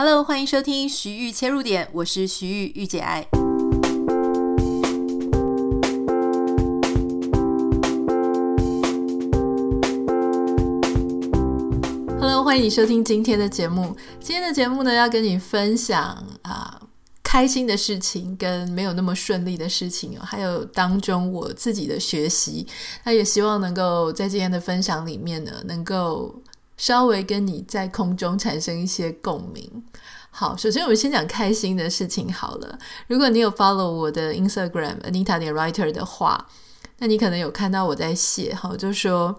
Hello，歡迎收聽徐豫切入點，我是徐豫御姊愛。Hello，歡迎你收聽今天的節目。今天的節目呢，要跟你分享啊、呃，開心的事情跟沒有那麼順利的事情、哦、還有當中我自己的學習。那、啊、也希望能夠在今天的分享裡面呢，能夠，稍微跟你在空中產生一些共鳴。好，首先我們先講開心的事情好了。如果你有 follow 我的 Instagram Anita the Writer 的話，那你可能有看到我在寫哈，就說，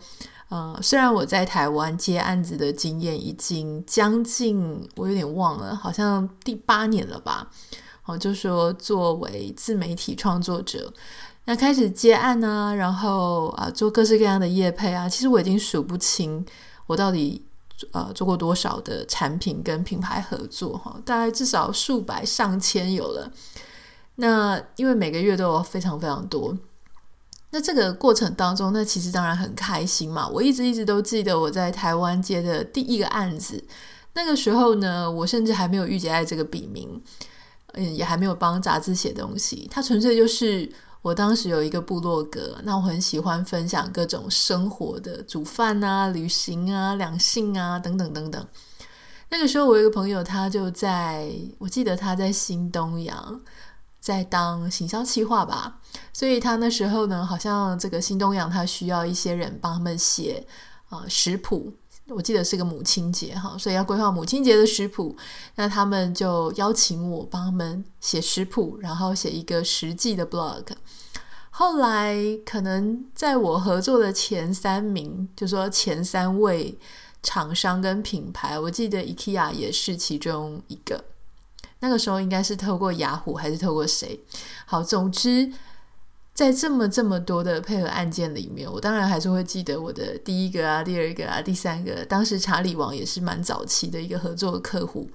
呃，雖然我在台灣接案子的經驗已經將近，我有點忘了，好像第八年了吧。好，就說作為自媒體創作者，那開始接案呢、啊，然後啊做各式各樣的業配啊，其實我已經數不清。我到底呃做過多少的產品跟品牌合作哈？大概至少數百上千有了。那因為每個月都有非常非常多。那這個過程當中，那其實當然很開心嘛。我一直一直都記得我在台灣接的第一個案子，那個時候呢，我甚至還沒有御姊愛這個筆名，嗯，也還沒有幫雜誌寫東西，它純粹就是。我當時有一個部落格，那我很喜歡分享各種生活的煮飯啊、旅行啊、兩性啊等等等等。那個時候我有一個朋友，他就在，我記得他在新東陽，在當行銷企劃吧，所以他那時候呢，好像這個新東陽他需要一些人幫他們寫啊食譜。我記得是個母親節哈，所以要規劃母親節的食譜，那他們就邀請我幫他們寫食譜，然後寫一個實際的 blog。後來可能在我合作的前三名，就說前三位廠商跟品牌，我記得 IKEA 也是其中一個。那個時候應該是透過雅虎、ah、還是透過誰？好，總之。在這麼這麼多的配合案件裡面，我當然還是會記得我的第一個啊，第二個啊，第三個。當時查理王也是蠻早期的一個合作客戶。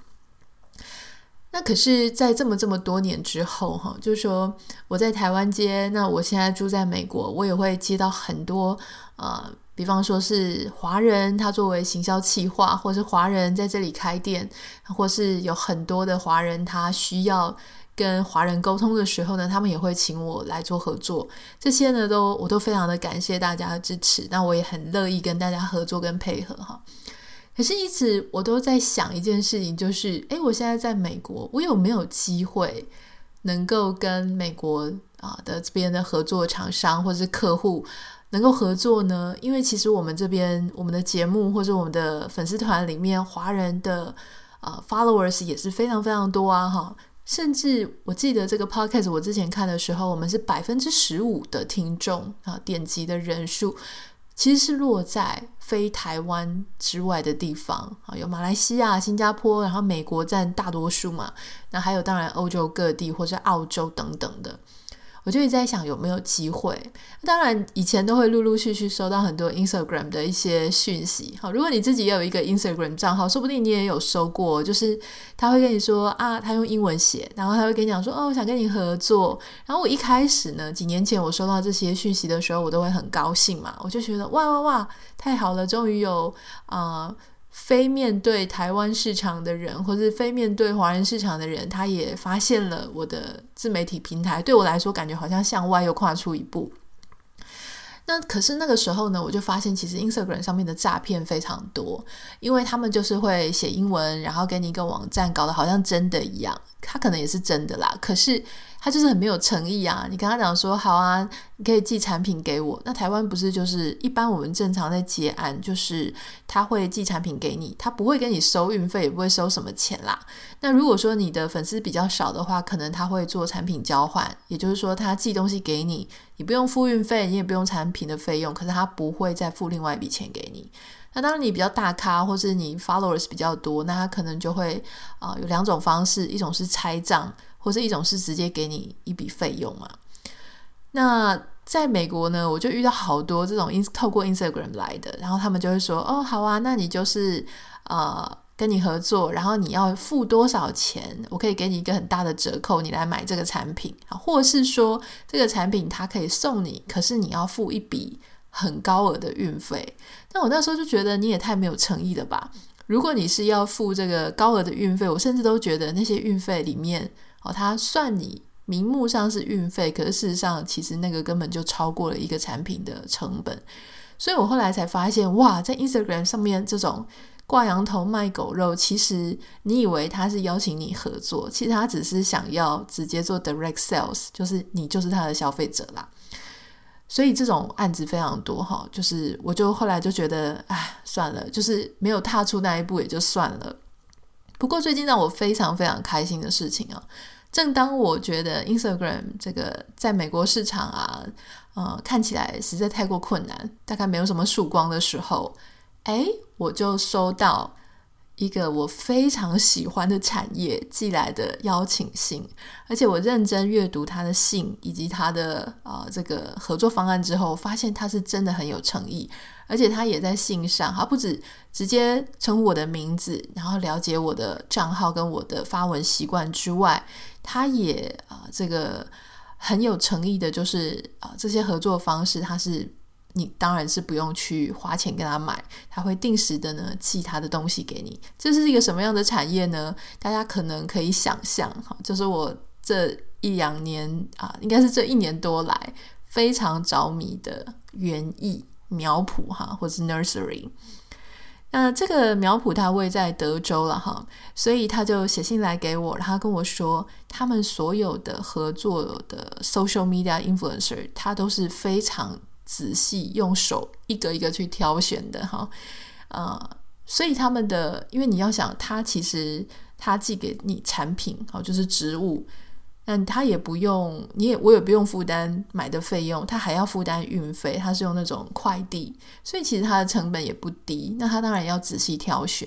那可是，在這麼這麼多年之後，哈，就是說我在台灣接，那我現在住在美國，我也會接到很多呃，比方說是華人，他作為行銷企劃，或是華人在這裡開店，或是有很多的華人他需要。跟華人溝通的時候呢，他們也會請我來做合作，這些呢都我都非常的感謝大家的支持，那我也很樂意跟大家合作跟配合哈。可是，一直我都在想一件事情，就是哎、欸，我現在在美國，我有沒有機會能夠跟美國啊的這邊的合作廠商或者是客戶能夠合作呢？因為其實我們這邊我們的節目或者我們的粉絲團裡面華人的啊、呃、followers 也是非常非常多啊哈。甚至我記得這個 podcast，我之前看的時候，我們是百分之十五的聽眾啊，點擊的人數其實是落在非台灣之外的地方啊，有馬來西亞、新加坡，然後美國占大多數嘛，那還有當然歐洲各地或者澳洲等等的。我就一直在想有沒有機會。當然，以前都會陸陸續續收到很多 Instagram 的一些訊息。好，如果你自己也有一個 Instagram 賬號，說不定你也有收過，就是他會跟你說啊，他用英文寫，然後他會跟你講說哦，我想跟你合作。然後我一開始呢，幾年前我收到這些訊息的時候，我都會很高興嘛，我就覺得哇哇哇，太好了，終於有啊。呃非面對台灣市場的人，或是非面對華人市場的人，他也發現了我的自媒體平台。對我來說，感覺好像向外又跨出一步。那可是那個時候呢，我就發現其實 Instagram 上面的詐騙非常多，因為他們就是會寫英文，然後給你一個網站，搞得好像真的一樣。他可能也是真的啦，可是。他就是很沒有誠意啊！你跟他講說好啊，你可以寄產品給我。那台灣不是就是一般我們正常在結案，就是他會寄產品給你，他不會跟你收運費，也不會收什麼錢啦。那如果說你的粉絲比較少的話，可能他會做產品交換，也就是說他寄東西給你，你不用付運費，你也不用產品的費用，可是他不會再付另外一筆錢給你。那當然你比較大咖，或是你 followers 比較多，那他可能就會啊、呃、有兩種方式，一種是拆賬。或者一種是直接給你一筆費用嘛，啊？那在美國呢，我就遇到好多這種透透過 Instagram 來的，然後他們就會說：“哦，好啊，那你就是呃跟你合作，然後你要付多少錢？我可以給你一個很大的折扣，你來買這個產品啊，或是說這個產品它可以送你，可是你要付一筆很高額的運費。”那我那時候就覺得你也太沒有誠意了吧？如果你是要付這個高額的運費，我甚至都覺得那些運費裡面。哦，他算你名目上是運費，可是事實上其實那個根本就超過了一個產品的成本，所以我後來才發現，哇，在 Instagram 上面這種掛羊頭賣狗肉，其實你以為他是邀請你合作，其實他只是想要直接做 direct sales，就是你就是他的消費者啦。所以這種案子非常多哈，就是我就後來就覺得，哎，算了，就是沒有踏出那一步也就算了。不過最近讓我非常非常開心的事情啊。正當我覺得 Instagram 這個在美國市場啊，呃，看起來實在太過困難，大概沒有什麼曙光的時候，誒我就收到一個我非常喜歡的產業寄來的邀請信，而且我認真閱讀他的信以及他的啊，呃，這個合作方案之後，發現他是真的很有誠意。而且他也在信上，他不只直接稱呼我的名字，然後了解我的賬號跟我的發文習慣之外，他也啊、呃，這個很有誠意的，就是啊、呃，這些合作方式，他是你當然是不用去花錢給他買，他會定時的呢寄他的東西給你。這是一個什麼樣的產業呢？大家可能可以想象，哈，就是我這一兩年啊、呃，應該是這一年多來非常着迷的園藝。苗圃哈，或是 nursery，那這個苗圃他位在德州了哈，所以他就寫信來給我，然後他跟我說他們所有的合作的 social media influencer，他都是非常仔細用手一個一個去挑選的哈，呃，所以他們的，因為你要想，他其實他寄給你產品，好就是植物。那他也不用，你也我也不用負擔買的費用，他還要負擔運費，他是用那種快遞，所以其實他的成本也不低。那他當然要仔細挑選。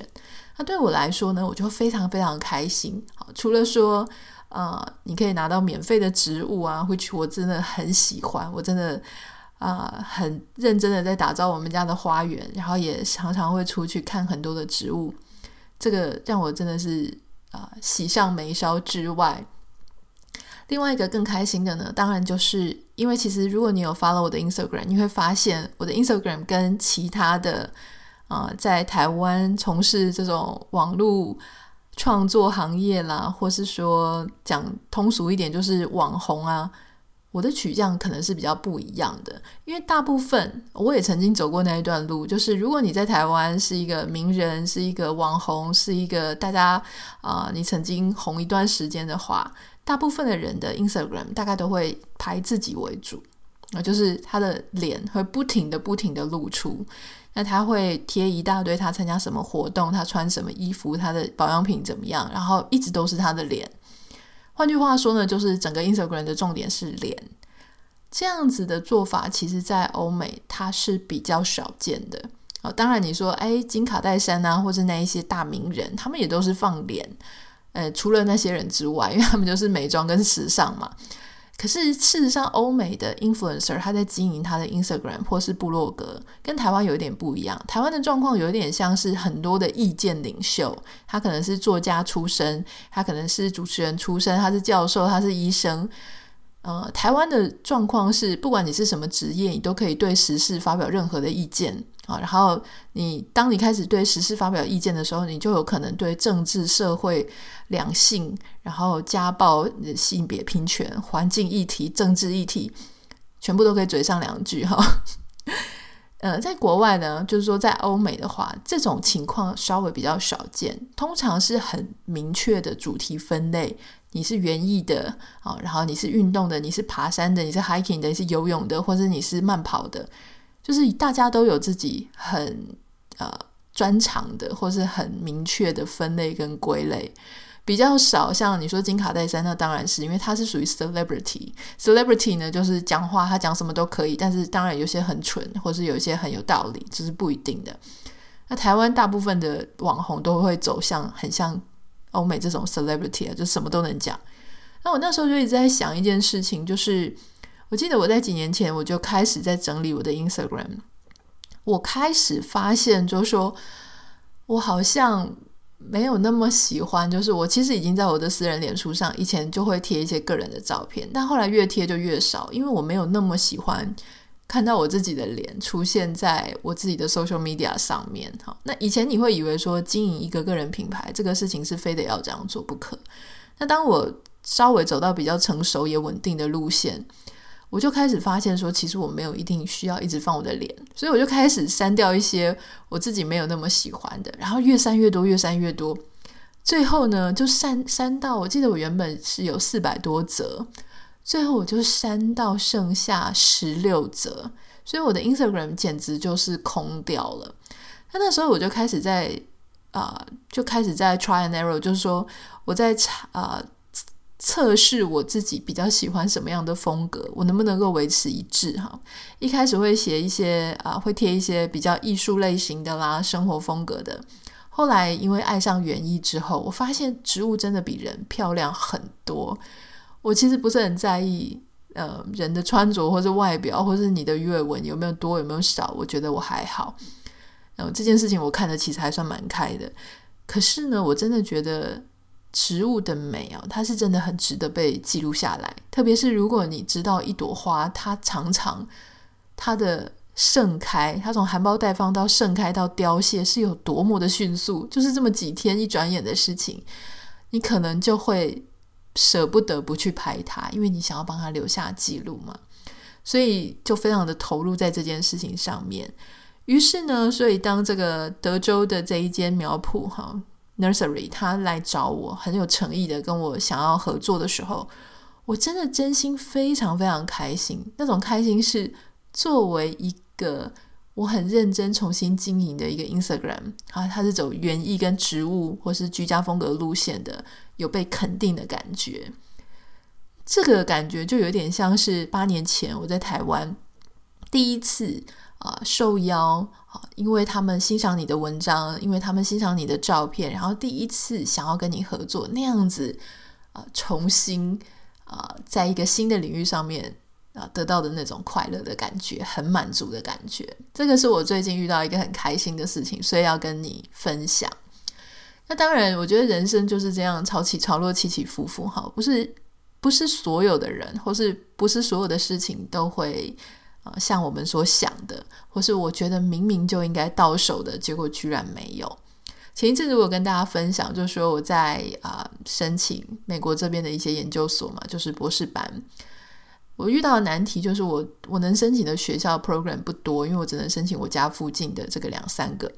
那對我來說呢，我就非常非常開心。好，除了說，呃，你可以拿到免費的植物啊，會去，我真的很喜歡，我真的啊、呃，很認真的在打造我們家的花園，然後也常常會出去看很多的植物，這個讓我真的是啊、呃，喜上眉梢之外。另外一個更開心的呢，當然就是因為其實如果你有 follow 我的 Instagram，你會發現我的 Instagram 跟其他的啊、呃，在台灣從事這種網絡創作行業啦，或是說講通俗一點就是網紅啊，我的取向可能是比較不一樣的。因為大部分我也曾經走過那一段路，就是如果你在台灣是一個名人，是一個網紅，是一個大家啊、呃，你曾經紅一段時間的話。大部分的人的 Instagram 大概都會拍自己為主，啊，就是他的臉會不停的不停的露出，那他會貼一大堆他參加什麼活動，他穿什麼衣服，他的保養品怎麼樣，然後一直都是他的臉。換句話說呢，就是整個 Instagram 的重點是臉。這樣子的做法，其實在歐美它是比較少見的。哦，當然你說，誒，金卡戴珊啊，或者那一些大名人，他們也都是放臉。呃，除了那些人之外，因為他們就是美妝跟時尚嘛。可是事實上，歐美的 influencer 他在經營他的 Instagram 或是部落格，跟台灣有點不一樣。台灣的狀況有一點像是很多的意見領袖，他可能是作家出身，他可能是主持人出身，他是教授，他是醫生。呃，台灣的狀況是，不管你是什麼職業，你都可以對時事發表任何的意見啊、哦。然後你，你當你開始對時事發表意見的時候，你就有可能對政治、社會、兩性，然後家暴、性別平權、環境議題、政治議題，全部都可以嘴上兩句哈。哦、 呃，在國外呢，就是說在歐美的話，這種情況稍微比較少見，通常是很明確的主題分類。你是園藝的，啊、哦，然後你是運動的，你是爬山的，你是 hiking 的，你是游泳的，或者你是慢跑的，就是大家都有自己很呃專長的，或是很明確的分類跟歸類。比較少，像你說金卡戴珊，那當然是因為他是屬於 ce celebrity，celebrity 呢，就是講話他講什麼都可以，但是當然有些很蠢，或是有一些很有道理，只、就是不一定的。那台灣大部分的網紅都會走向很像。歐美這種 celebrity 啊，就什麼都能講。那我那時候就一直在想一件事情，就是我記得我在幾年前我就開始在整理我的 Instagram，我開始發現就是說，我好像沒有那麼喜歡。就是我其實已經在我的私人臉書上，以前就會貼一些個人的照片，但後來越貼就越少，因為我沒有那麼喜歡。看到我自己的臉出現在我自己的 social media 上面，哈，那以前你會以為說，經營一個個人品牌這個事情是非得要這樣做不可。那當我稍微走到比較成熟也穩定的路線，我就開始發現說，其實我沒有一定需要一直放我的臉，所以我就開始刪掉一些我自己沒有那麼喜歡的，然後越刪越多，越刪越多，最後呢就刪刪到我記得我原本是有四百多則。最後我就刪到剩下十六則，所以我的 Instagram 簡直就是空掉了。那那時候我就開始在啊、呃，就開始在 try and error，就是說我在測啊、呃、測試我自己比較喜歡什麼樣的風格，我能不能夠維持一致哈。一開始會寫一些啊、呃，會貼一些比較藝術類型的啦，生活風格的。後來因為愛上園藝之後，我發現植物真的比人漂亮很多。我其實不是很在意，呃，人的穿着或者外表，或者是你的魚尾紋有沒有多有沒有少，我覺得我還好。然、呃、後這件事情我看的其實還算蠻開的。可是呢，我真的覺得植物的美啊，它是真的很值得被記錄下來。特別是如果你知道一朵花，它常常它的盛開，它從含苞待放到盛開到凋謝，是有多麼的迅速，就是這麼幾天一轉眼的事情，你可能就會。捨不得不去拍他，因為你想要幫他留下記錄嘛，所以就非常的投入在這件事情上面。於是呢，所以當這個德州的這一間苗圃哈 （nursery） 他來找我，很有誠意的跟我想要合作的時候，我真的真心非常非常開心，那種開心是作為一個。我很認真重新經營的一個 Instagram 啊，它是走園藝跟植物或是居家風格路線的，有被肯定的感覺。這個感覺就有點像是八年前我在台灣第一次啊受邀啊，因為他們欣賞你的文章，因為他們欣賞你的照片，然後第一次想要跟你合作那樣子啊，重新啊，在一個新的領域上面。啊，得到的那種快樂的感覺，很滿足的感覺，這個是我最近遇到一個很開心的事情，所以要跟你分享。那當然，我覺得人生就是這樣，潮起潮落，起起伏伏。哈，不是不是所有的人，或是不是所有的事情都會啊，呃，像我們所想的，或是我覺得明明就應該到手的，結果居然沒有。前一陣子我跟大家分享，就是說我在啊，呃，申請美國這邊的一些研究所嘛，就是博士班。我遇到的難題就是我我能申請的學校 program 不多，因為我只能申請我家附近的這個兩三個。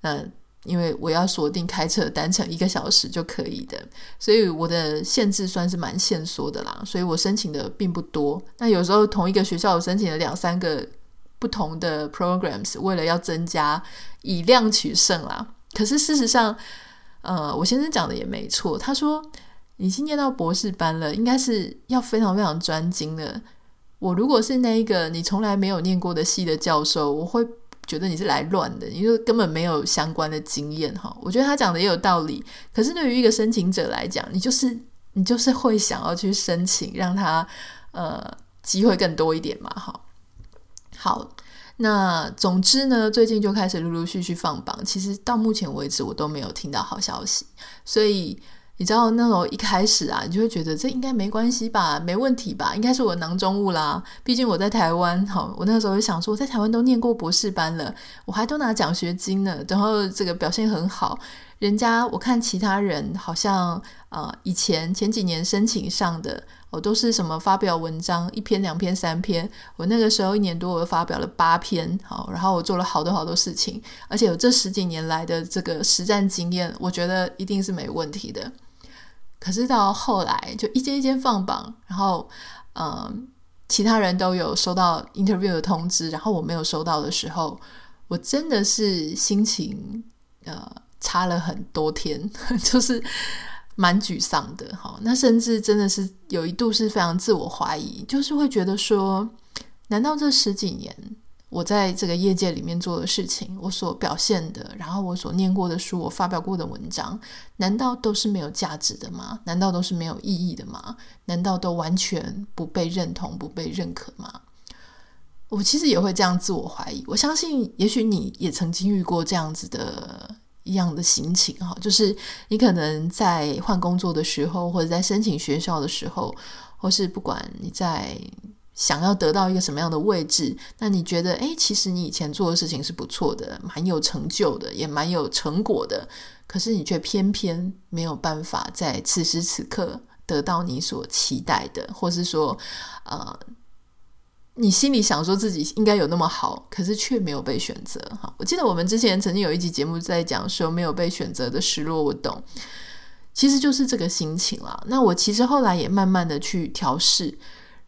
嗯，因為我要鎖定開車單程一個小時就可以的，所以我的限制算是蠻限縮的啦。所以我申請的並不多。那有時候同一個學校我申請了兩三個不同的 programs，為了要增加以量取勝啦。可是事實上，呃，我先生講的也沒錯，他說。你已經念到博士班了，應該是要非常非常專精的。我如果是那一個你從來沒有念過的系的教授，我會覺得你是來亂的，你就根本沒有相關的經驗哈。我覺得他講的也有道理，可是對於一個申請者來講，你就是你就是會想要去申請，讓他呃機會更多一點嘛。好，好，那總之呢，最近就開始陸陸續續放榜，其實到目前為止我都沒有聽到好消息，所以。你知道那時候一開始啊，你就會覺得這應該沒關係吧，沒問題吧，應該是我囊中物啦。畢竟我在台灣，好，我那個時候就想說，我在台灣都念過博士班了，我還都拿獎學金呢，然後這個表現很好。人家我看其他人好像啊、呃，以前前幾年申請上的，我、哦、都是什麼發表文章一篇、兩篇、三篇。我那個時候一年多，我發表了八篇，好、哦，然後我做了好多好多事情，而且有這十幾年來的這個實戰經驗，我覺得一定是沒問題的。可是到後來就一間一間放榜，然後，嗯、呃，其他人都有收到 interview 的通知，然後我沒有收到的時候，我真的是心情呃差了很多天，就是蠻沮喪的。好、哦，那甚至真的是有一度是非常自我懷疑，就是會覺得說，難道這十幾年？我在這個業界裡面做的事情，我所表現的，然後我所念過的書，我發表過的文章，難道都是沒有價值的嗎？難道都是沒有意義的嗎？難道都完全不被認同、不被認可嗎？我其實也會這樣自我懷疑。我相信，也許你也曾經遇過這樣子的一樣的心情哈，就是你可能在換工作的時候，或者在申請學校的時候，或是不管你在。想要得到一個什麼樣的位置？那你覺得，誒，其實你以前做的事情是不錯的，蠻有成就的，也蠻有成果的。可是你卻偏偏沒有辦法在此時此刻得到你所期待的，或是說，呃，你心裡想說自己應該有那麼好，可是卻沒有被選擇。哈，我記得我們之前曾經有一集節目在講說，沒有被選擇的失落，我懂，其實就是這個心情啦。那我其實後來也慢慢的去調試。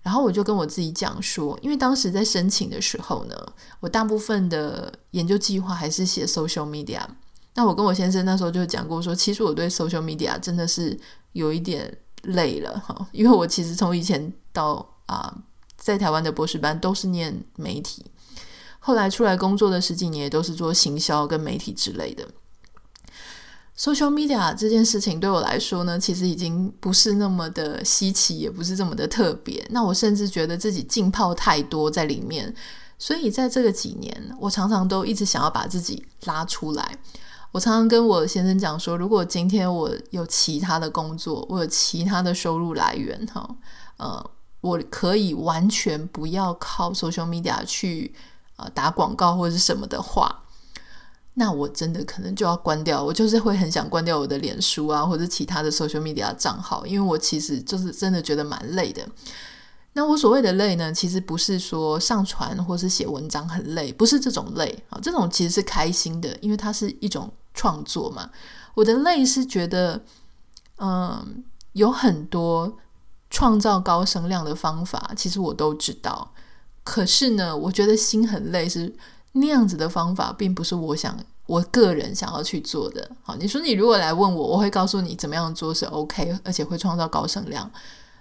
然後我就跟我自己講說，因為當時在申請的時候呢，我大部分的研究計劃還是寫 social media。那我跟我先生那時候就講過說，其實我對 social media 真的是有一點累了哈，因為我其實從以前到啊，在台灣的博士班都是念媒體，後來出來工作的十幾年也都是做行銷跟媒體之類的。social media 這件事情對我來說呢，其實已經不是那麼的稀奇，也不是這麼的特別。那我甚至覺得自己浸泡太多在裡面，所以在這個幾年，我常常都一直想要把自己拉出來。我常常跟我先生講說，如果今天我有其他的工作，我有其他的收入來源，哈，呃，我可以完全不要靠 social media 去呃打廣告或者是什麼的話。那我真的可能就要關掉，我就是會很想關掉我的臉書啊，或者其他的 social media 賬號，因為我其實就是真的覺得蠻累的。那我所謂的累呢，其實不是說上傳或是寫文章很累，不是這種累啊，這種其實是開心的，因為它是一種創作嘛。我的累是覺得，嗯，有很多創造高聲量的方法，其實我都知道，可是呢，我覺得心很累是。那樣子的方法並不是我想我個人想要去做的。好，你說你如果來問我，我會告訴你怎麼樣做是 OK，而且會創造高聲量。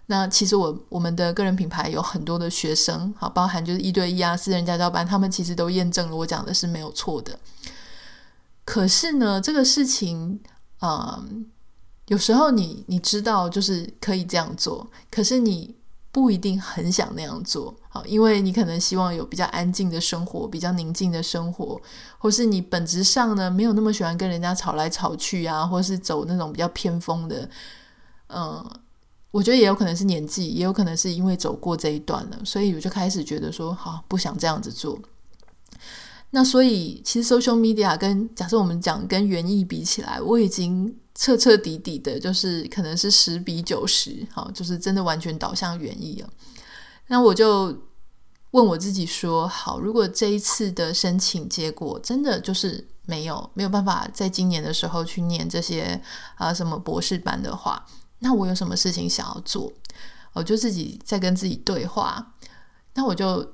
那其實我我們的個人品牌有很多的學生，好，包含就是一對一啊、私人家教班，他們其實都驗證了我講的是沒有錯的。可是呢，這個事情，嗯、呃，有時候你你知道就是可以這樣做，可是你不一定很想那樣做。因為你可能希望有比較安靜的生活，比較寧靜的生活，或是你本質上呢沒有那麼喜歡跟人家吵來吵去啊，或是走那種比較偏鋒的，嗯，我覺得也有可能是年紀，也有可能是因為走過這一段了，所以我就開始覺得說，好，不想這樣子做。那所以其實 social media 跟假設我們講跟園藝比起來，我已經徹徹底底的，就是可能是十比九十，好，就是真的完全導向園藝了。那我就。問我自己說好，如果這一次的申請結果真的就是沒有，沒有辦法在今年的時候去念這些啊什麼博士班的話，那我有什麼事情想要做？我就自己在跟自己對話。那我就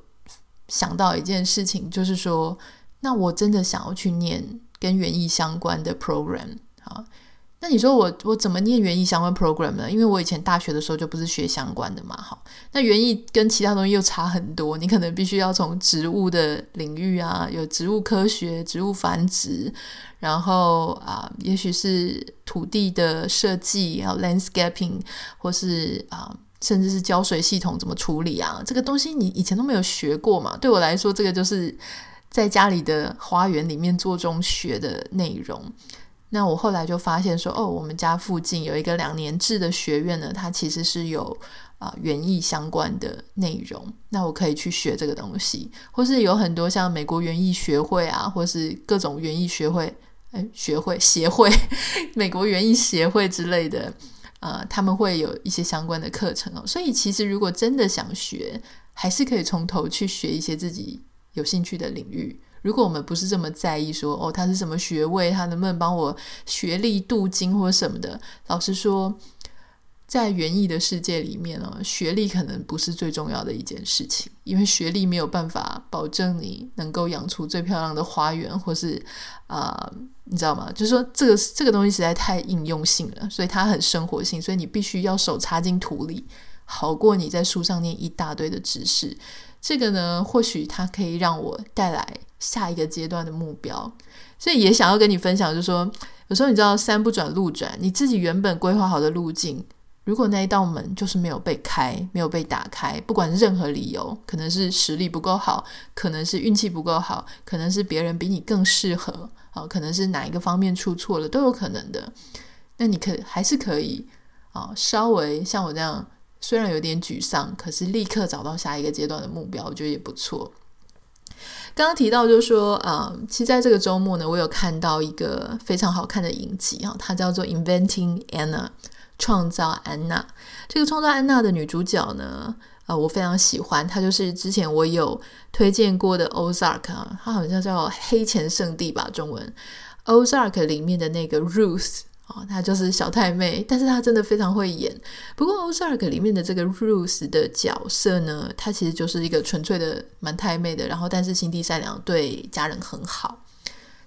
想到一件事情，就是說，那我真的想要去念跟園藝相關的 program 啊。那你說我我怎麼念園藝相關 program 呢？因為我以前大學的時候就不是學相關的嘛，哈。那園藝跟其他東西又差很多，你可能必須要從植物的領域啊，有植物科學、植物繁殖，然後啊，也許是土地的設計，還有 landscaping，或是啊，甚至是澆水系統怎麼處理啊，這個東西你以前都沒有學過嘛。對我來說，這個就是在家裡的花園裡面做中學的內容。那我後來就發現說，哦，我們家附近有一個兩年制的學院呢，它其實是有啊園藝相關的內容。那我可以去學這個東西，或是有很多像美國園藝學會啊，或是各種園藝學會，哎，學會協會，美國園藝協會之類的，啊、呃，他們會有一些相關的課程哦。所以其實如果真的想學，還是可以從頭去學一些自己有興趣的領域。如果我們不是這麼在意說，說哦，他是什麼學位，他能不能幫我學歷鍍金或什麼的？老實說，在園藝的世界裡面呢、哦，學歷可能不是最重要的一件事情，因為學歷沒有辦法保證你能夠養出最漂亮的花園，或是啊、呃，你知道嗎？就是說，這個這個東西實在太應用性了，所以它很生活性，所以你必須要手插進土裡，好過你在書上念一大堆的知識。這個呢，或許它可以讓我帶來。下一個階段的目標，所以也想要跟你分享，就是說，有時候你知道山不轉路轉，你自己原本規劃好的路徑，如果那一道門就是沒有被開，沒有被打開，不管任何理由，可能是實力不夠好，可能是運氣不夠好，可能是別人比你更適合啊，可能是哪一個方面出錯了，都有可能的。那你可還是可以啊，稍微像我這樣，雖然有點沮喪，可是立刻找到下一個階段的目標，我覺得也不錯。剛剛提到就是說啊、呃，其實在這個周末呢，我有看到一個非常好看的影集啊，它叫做《Inventing Anna》，創造安娜。這個創造安娜的女主角呢，啊、呃，我非常喜歡她，就是之前我有推薦過的 Ozark 啊，它好像叫黑錢聖地吧，中文 Ozark 裡面的那個 Ruth。哦，她就是小太妹，但是她真的非常會演。不過《Ozark》裡面的這個 Ruth 的角色呢，她其實就是一個純粹的蠻太妹的，然後但是心地善良，對家人很好。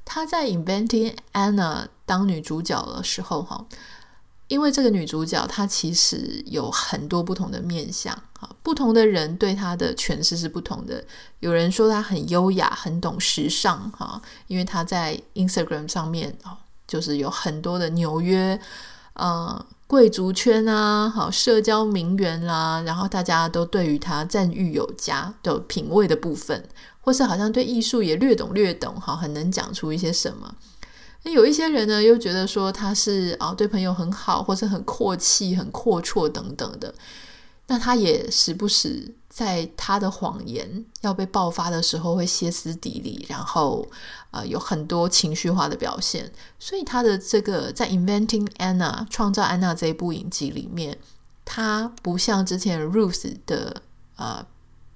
她在《Inventing Anna》當女主角的時候，哈、哦，因為這個女主角她其實有很多不同的面相，哈、哦，不同的人對她的詮釋是不同的。有人說她很優雅，很懂時尚，哈、哦，因為她在 Instagram 上面、哦就是有很多的紐約，呃，貴族圈啊，好社交名媛啦、啊，然後大家都對於他讚譽有加的品味的部分，或是好像對藝術也略懂略懂，哈，很能講出一些什麼。那有一些人呢，又覺得說他是啊、哦，對朋友很好，或是很闊氣、很闊綽等等的，那他也時不時。在他的謊言要被爆發的時候，會歇斯底里，然後，呃，有很多情緒化的表現。所以他的這個在《Inventing Anna》創造安娜這一部影集裡面，他不像之前 Ruth 的呃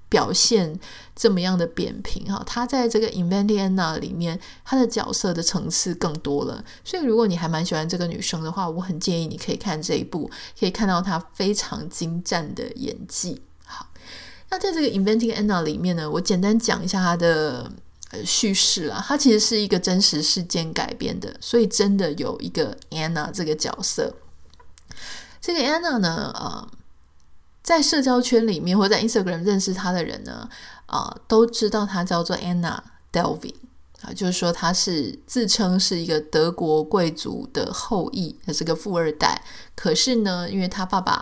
表現這麼樣的扁平哈。她，哦，在這個《Inventing Anna》裡面，她的角色的層次更多了。所以如果你還蠻喜歡這個女生的話，我很建議你可以看這一部，可以看到她非常精湛的演技。那在這個《Inventing Anna》裡面呢，我簡單講一下它的敘事啦。它其實是一個真實事件改編的，所以真的有一個 Anna 這個角色。這個 Anna 呢，呃，在社交圈裡面或在 Instagram 認識他的人呢，啊、呃，都知道他叫做 Anna Delvey 啊、呃，就是說他是自稱是一個德國貴族的後裔，是個富二代。可是呢，因為他爸爸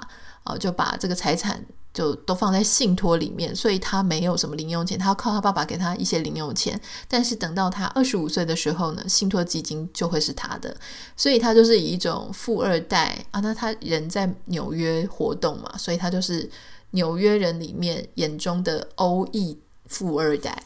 啊、呃、就把這個財產。就都放在信託裡面，所以他沒有什麼零用錢，他要靠他爸爸給他一些零用錢。但是等到他二十五歲的時候呢，信託基金就會是他的，所以他就是以一種富二代啊。那他人在紐約活動嘛，所以他就是紐約人裡面眼中的歐裔富二代。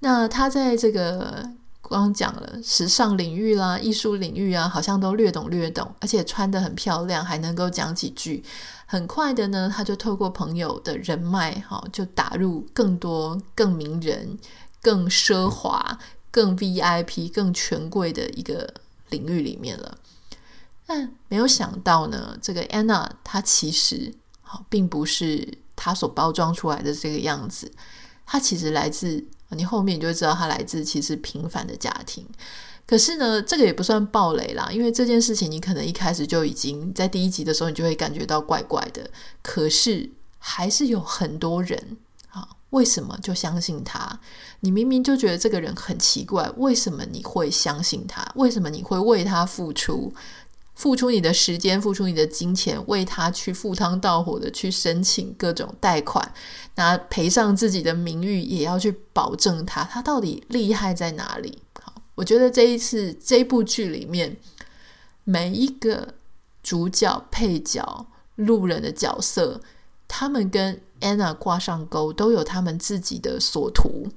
那他在這個剛剛講了時尚領域啦、藝術領域啊，好像都略懂略懂，而且穿得很漂亮，還能夠講幾句。很快的呢，他就透過朋友的人脈，就打入更多更名人、更奢華、更 VIP、更權貴的一個領域裡面了。但沒有想到呢，這個安娜她其實並不是她所包裝出來的這個樣子。她其實來自你後面你就會知道，她來自其實平凡的家庭。可是呢，這個也不算暴雷啦，因為這件事情你可能一開始就已經在第一集的時候你就會感覺到怪怪的。可是還是有很多人啊，為什麼就相信他？你明明就覺得這個人很奇怪，為什麼你會相信他？為什麼你會為他付出？付出你的時間，付出你的金錢，為他去赴湯蹈火的去申請各種貸款，那賠上自己的名譽也要去保證他。他到底厲害在哪裡？我覺得這一次這部劇裡面，每一個主角、配角、路人的角色，他們跟安娜掛上鈎，都有他們自己的所圖，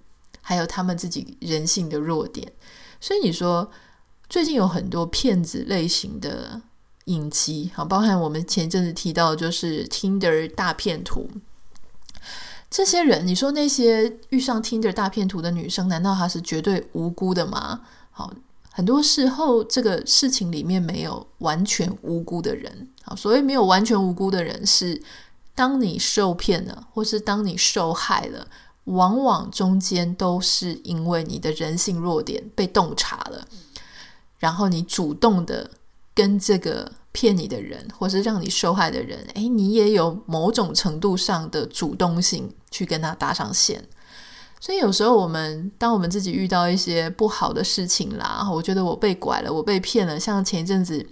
還有他們自己人性的弱點。所以你說，最近有很多騙子類型的影集，好，包含我們前陣子提到，就是 Tinder 大騙徒。這些人，你說那些遇上 Tinder 大騙徒的女生，難道她是絕對無辜的嗎？好，很多時候這個事情裡面沒有完全無辜的人。好，所謂沒有完全無辜的人，是當你受騙了，或是當你受害了，往往中間都是因為你的人性弱點被洞察了，然後你主動的。跟這個騙你的人，或是讓你受害的人，誒，你也有某種程度上的主動性去跟他搭上線。所以有時候我們，當我們自己遇到一些不好的事情啦，我覺得我被拐了，我被騙了。像前一陣子，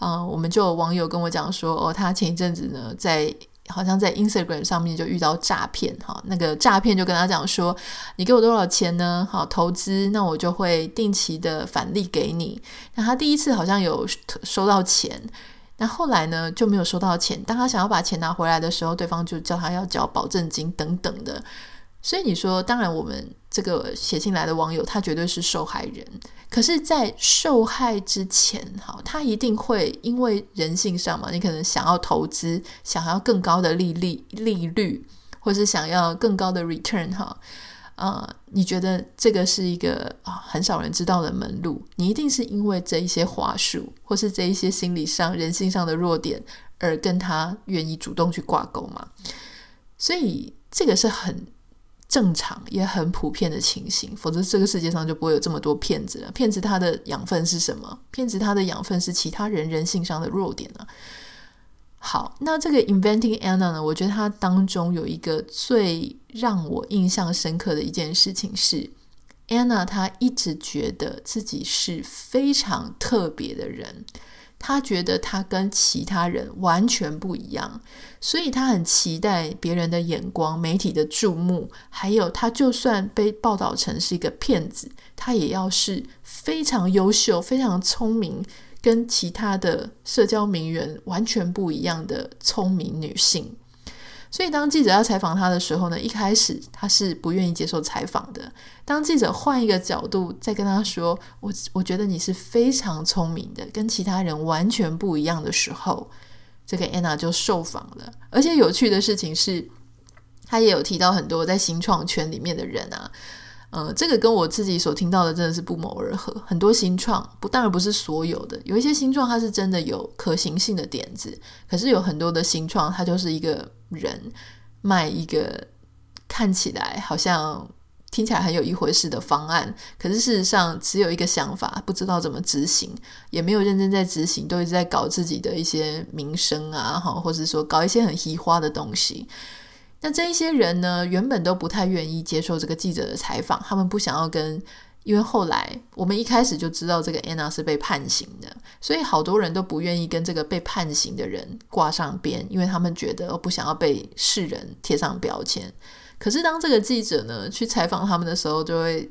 啊、呃，我們就有網友跟我講說，哦，他前一陣子呢，在。好像在 Instagram 上面就遇到詐騙，哈，那個詐騙就跟他講說，你給我多少錢呢？好，投資，那我就會定期的返利給你。那他第一次好像有收到錢，那後來呢就沒有收到錢。當他想要把錢拿回來的時候，對方就叫他要交保證金等等的。所以你說，當然，我們這個寫信來的網友，他絕對是受害人。可是，在受害之前，哈，他一定會因為人性上嘛，你可能想要投資，想要更高的利率、利率，或是想要更高的 return，哈，啊，你覺得這個是一個、啊、很少人知道的門路？你一定是因為這一些話術，或是這一些心理上、人性上的弱點，而跟他願意主動去掛鈎嘛？所以，這個是很正常也很普遍的情形，否則這個世界上就不會有這麼多騙子了。騙子他的養分是什麼？騙子他的養分是其他人人性上的弱點呢啊。好，那這個 Inventing Anna 呢？我覺得它當中有一個最讓我印象深刻的一件事情是，Anna 她一直覺得自己是非常特別的人。他覺得他跟其他人完全不一樣，所以他很期待別人的眼光、媒體的注目，還有他就算被報道成是一個騙子，他也要是非常優秀、非常聰明，跟其他的社交名媛完全不一樣的聰明女性。所以，當記者要採訪他的時候呢，一開始他是不願意接受採訪的。當記者換一個角度再跟他說：“我我覺得你是非常聰明的，跟其他人完全不一樣的時候，這個安娜就受訪了。而且有趣的事情是，他也有提到很多在新創圈裡面的人啊。”呃、嗯，這個跟我自己所聽到的真的是不謀而合。很多新創，不當然不是所有的，有一些新創它是真的有可行性的點子，可是有很多的新創，它就是一個人賣一個看起來好像聽起來很有一回事的方案，可是事實上只有一個想法，不知道怎麼執行，也沒有認真在執行，都一直在搞自己的一些名聲啊，或者說搞一些很虛華的東西。那這一些人呢，原本都不太願意接受這個記者的採訪，他們不想要跟，因為後來我們一開始就知道這個安娜是被判刑的，所以好多人都不願意跟這個被判刑的人掛上邊，因為他們覺得我不想要被世人貼上標籤。可是當這個記者呢去採訪他們的時候，就會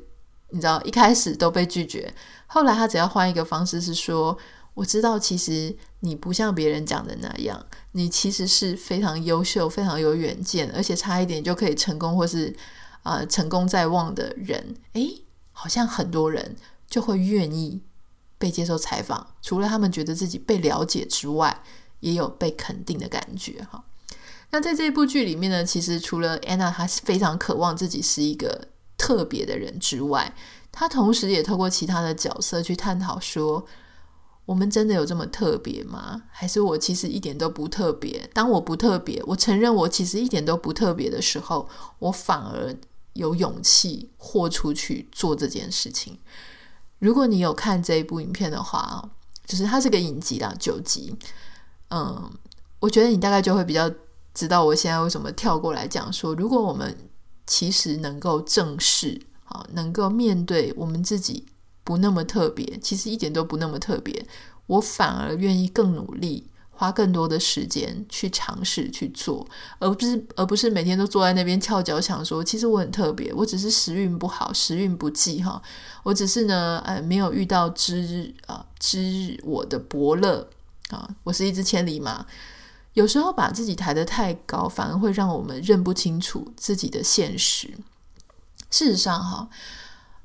你知道一開始都被拒絕，後來他只要換一個方式，是說我知道其實。你不像別人講的那樣，你其實是非常優秀、非常有遠見，而且差一點就可以成功，或是啊、呃、成功在望的人。誒，好像很多人就會願意被接受採訪，除了他們覺得自己被了解之外，也有被肯定的感覺哈。那在這一部劇裡面呢，其實除了安娜，她是非常渴望自己是一個特別的人之外，她同時也透過其他的角色去探討說。我們真的有這麼特別嗎？還是我其實一點都不特別？當我不特別，我承認我其實一點都不特別的時候，我反而有勇氣豁出去做這件事情。如果你有看這一部影片的話，就是它是個影集啦，九集。嗯，我覺得你大概就會比較知道我現在為什麼跳過來講說，如果我們其實能夠正視啊，能夠面對我們自己。不那麼特別，其實一點都不那麼特別。我反而願意更努力，花更多的時間去嘗試去做，而不是而不是每天都坐在那邊翹腳想說，其實我很特別，我只是時運不好，時運不濟哈、哦。我只是呢，哎，沒有遇到知啊知我的伯樂啊，我是一隻千里馬。有時候把自己抬得太高，反而會讓我們認不清楚自己的現實。事實上，哈、哦。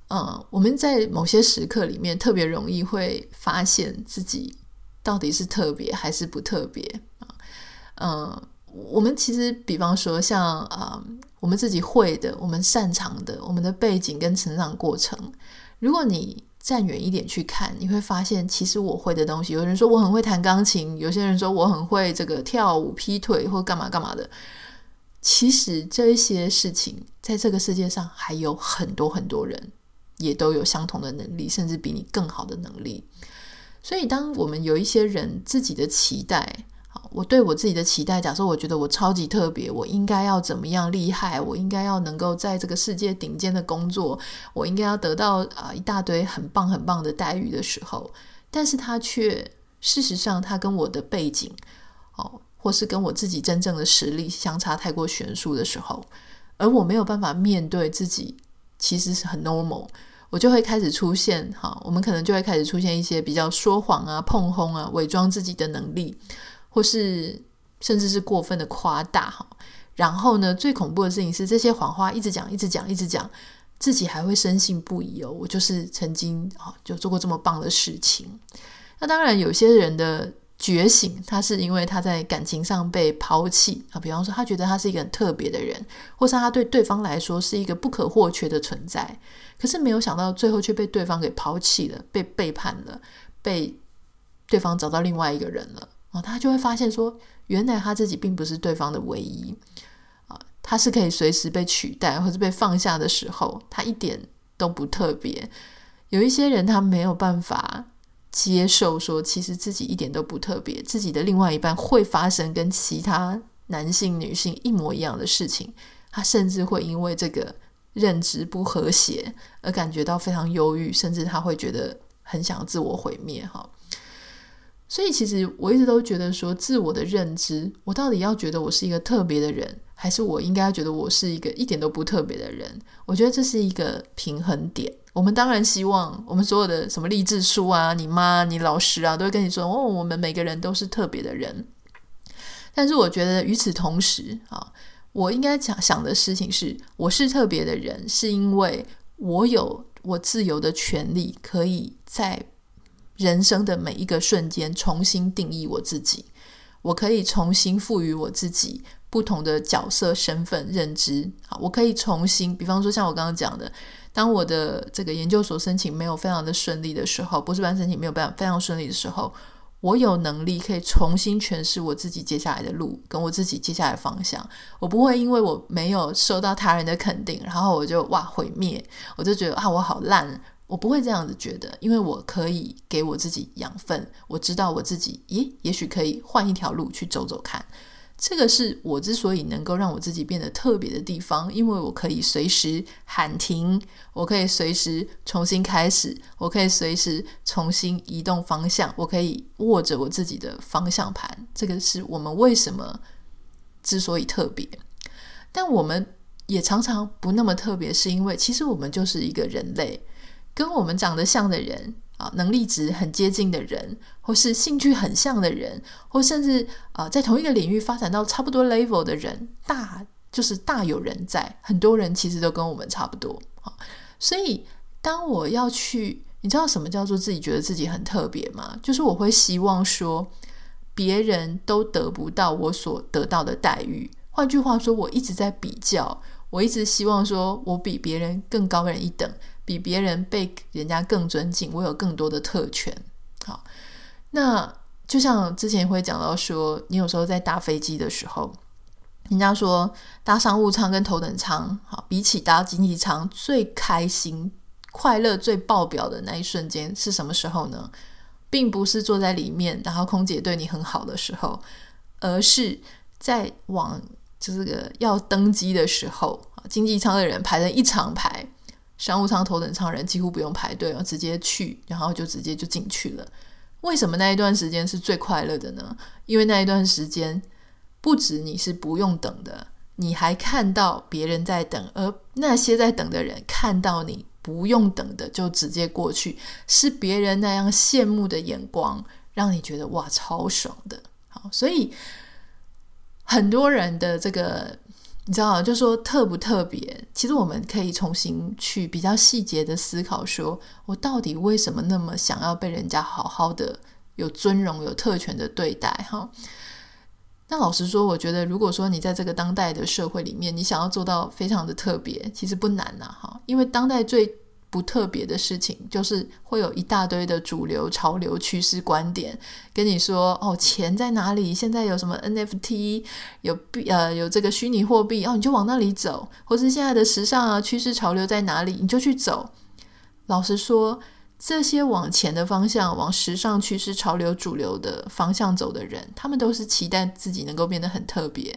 嗯，我們在某些時刻裡面特別容易會發現自己到底是特別還是不特別啊，嗯，我們其實比方說像啊、嗯，我們自己會的，我們擅長的，我們的背景跟成長過程，如果你站遠一點去看，你會發現，其實我會的東西，有人說我很會彈鋼琴，有些人說我很會這個跳舞劈腿或幹嘛幹嘛的，其實這一些事情在這個世界上還有很多很多人。也都有相同的能力，甚至比你更好的能力。所以，當我們有一些人自己的期待，好，我對我自己的期待，假設我覺得我超級特別，我應該要怎麼樣厲害？我應該要能夠在這個世界頂尖的工作，我應該要得到啊、呃、一大堆很棒很棒的待遇的時候，但是他卻事實上他跟我的背景哦，或是跟我自己真正的實力相差太過懸殊的時候，而我沒有辦法面對自己，其實是很 normal。我就會開始出現哈，我們可能就會開始出現一些比較說謊啊、膨風啊、偽裝自己的能力，或是甚至是過分的誇大哈。然後呢，最恐怖的事情是這些謊話一直講、一直講、一直講，自己還會深信不疑哦。我就是曾經啊，就做過這麼棒的事情。那當然，有些人的。覺醒，他是因為他在感情上被拋棄啊。比方說，他覺得他是一個很特別的人，或是他對對方來說是一個不可或缺的存在。可是沒有想到，最後卻被對方給拋棄了，被背叛了，被對方找到另外一個人了哦，啊，他就會發現說，原來他自己並不是對方的唯一啊，他是可以隨時被取代或是被放下的時候，他一點都不特別。有一些人，他沒有辦法。接受說，其實自己一點都不特別，自己的另外一半會發生跟其他男性、女性一模一樣的事情，他甚至會因為這個認知不和諧而感覺到非常憂鬱，甚至他會覺得很想自我毀滅。哈，所以其實我一直都覺得說，自我的認知，我到底要覺得我是一個特別的人，還是我應該覺得我是一個一點都不特別的人？我覺得這是一個平衡點。我們當然希望我們所有的什麼勵志書啊、你媽、你老師啊，都會跟你說哦，我們每個人都是特別的人。但是我覺得與此同時啊，我應該想想的事情是，我是特別的人，是因為我有我自由的權利，可以在人生的每一個瞬間重新定義我自己，我可以重新賦予我自己。不同的角色、身份、認知，啊，我可以重新，比方說，像我剛剛講的，當我的這個研究所申請沒有非常的順利的時候，博士班申請沒有辦法非，非常順利的時候，我有能力可以重新詮釋我自己接下來的路，跟我自己接下來的方向。我不會因為我沒有受到他人的肯定，然後我就哇毀滅，我就覺得啊，我好爛，我不會這樣子覺得，因為我可以給我自己養分，我知道我自己，咦，也許可以換一條路去走走看。這個是我之所以能夠讓我自己變得特別的地方，因為我可以隨時喊停，我可以隨時重新開始，我可以隨時重新移動方向，我可以握着我自己的方向盤。這個是我們為什麼之所以特別，但我們也常常不那麼特別，是因為其實我們就是一個人類，跟我們長得像的人，能力值很接近的人，或是興趣很像的人，或甚至啊、呃，在同一個領域發展到差不多 level 的人，大就是大有人在。很多人其實都跟我們差不多。所以，當我要去，你知道什麼叫做自己覺得自己很特別嗎？就是我會希望說，別人都得不到我所得到的待遇。換句話說，我一直在比較，我一直希望說我比別人更高人一等。比別人被人家更尊敬，我有更多的特權。好，那就像之前會講到說，你有時候在搭飛機的時候，人家說搭商務艙跟頭等艙，好，比起搭經濟艙最開心、快樂最爆表的那一瞬間是什麼時候呢？並不是坐在裡面，然後空姐對你很好的時候，而是在往就是個要登機的時候，啊，經濟艙的人排成一長排。商務艙、頭等艙人幾乎不用排隊哦，直接去，然後就直接就進去了。為什麼那一段時間是最快樂的呢？因為那一段時間不止你是不用等的，你還看到別人在等，而那些在等的人看到你不用等的，就直接過去，是別人那樣羨慕的眼光，讓你覺得哇，超爽的。好，所以很多人的這個。你知道，就說特不特別？其實我們可以重新去比較細節的思考說，說我到底為什麼那麼想要被人家好好的有尊榮、有特權的對待？哈。那老實說，我覺得如果說你在這個當代的社會裡面，你想要做到非常的特別，其實不難吶、啊，哈。因為當代最不特別的事情，就是會有一大堆的主流、潮流、趨勢、觀點跟你說：“哦，錢在哪裡？現在有什麼 NFT？有幣？呃，有這個虛擬貨幣？哦，你就往那裡走。或是現在的時尚啊，趨勢、潮流在哪裡？你就去走。”老實說，這些往錢的方向、往時尚趨勢、潮流主流的方向走的人，他們都是期待自己能夠變得很特別。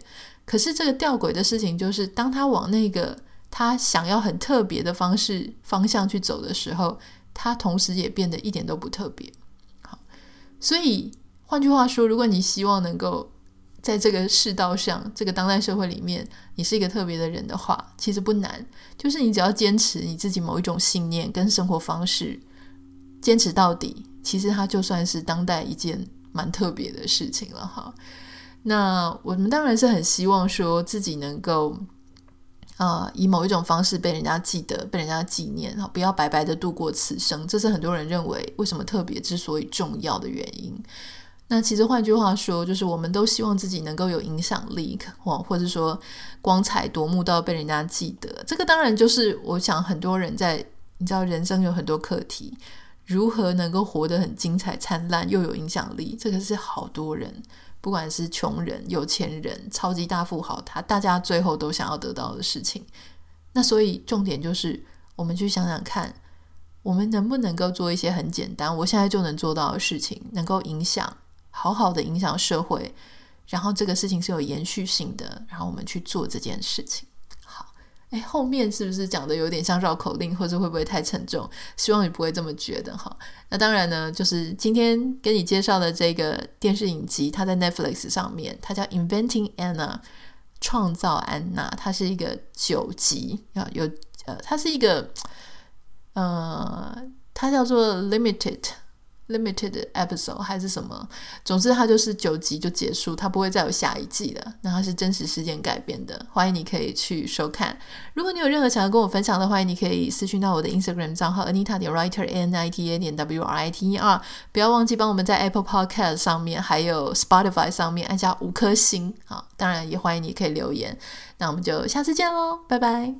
可是，這個吊詭的事情就是，當他往那個……他想要很特別的方式方向去走的時候，他同時也變得一點都不特別。好，所以換句話說，如果你希望能夠在這個世道上，這個當代社會裡面，你是一個特別的人的話，其實不難，就是你只要堅持你自己某一種信念跟生活方式，堅持到底，其實它就算是當代一件蠻特別的事情了。哈，那我們當然是很希望說自己能夠。啊，以某一種方式被人家記得、被人家紀念，好，不要白白的度過此生，這是很多人認為為什麼特別之所以重要的原因。那其實換句話說，就是我們都希望自己能夠有影響力，或或者說光彩奪目到被人家記得。這個當然就是我想很多人在，你知道，人生有很多課題，如何能夠活得很精彩、燦爛又有影響力，這個是好多人。不管是窮人、有錢人、超級大富豪，他大家最後都想要得到的事情。那所以重點就是，我們去想想看，我們能不能夠做一些很簡單，我現在就能做到的事情，能夠影響，好好的影響社會，然後這個事情是有延續性的，然後我們去做這件事情。後面是不是講的有點像繞口令，或者會不會太沉重？希望你不會這麼覺得哈。那當然呢，就是今天給你介紹的這個電視影集，它在 Netflix 上面，它叫《Inventing Anna》，創造安娜，它是一個九集，啊，有呃，它是一個呃，它叫做 Limited。Limited episode 還是什麼，總之它就是九集就結束，它不會再有下一季了。那它是真實事件改編的，歡迎你可以去收看。如果你有任何想要跟我分享的話，歡迎你可以私訊到我的 Instagram 賬號 Anita 點 Writer A N I T A 點 W R I T E R。I T、R，不要忘記幫我們在 Apple Podcast 上面還有 Spotify 上面按下五顆星啊！當然也歡迎你可以留言。那我們就下次見嘍，拜拜。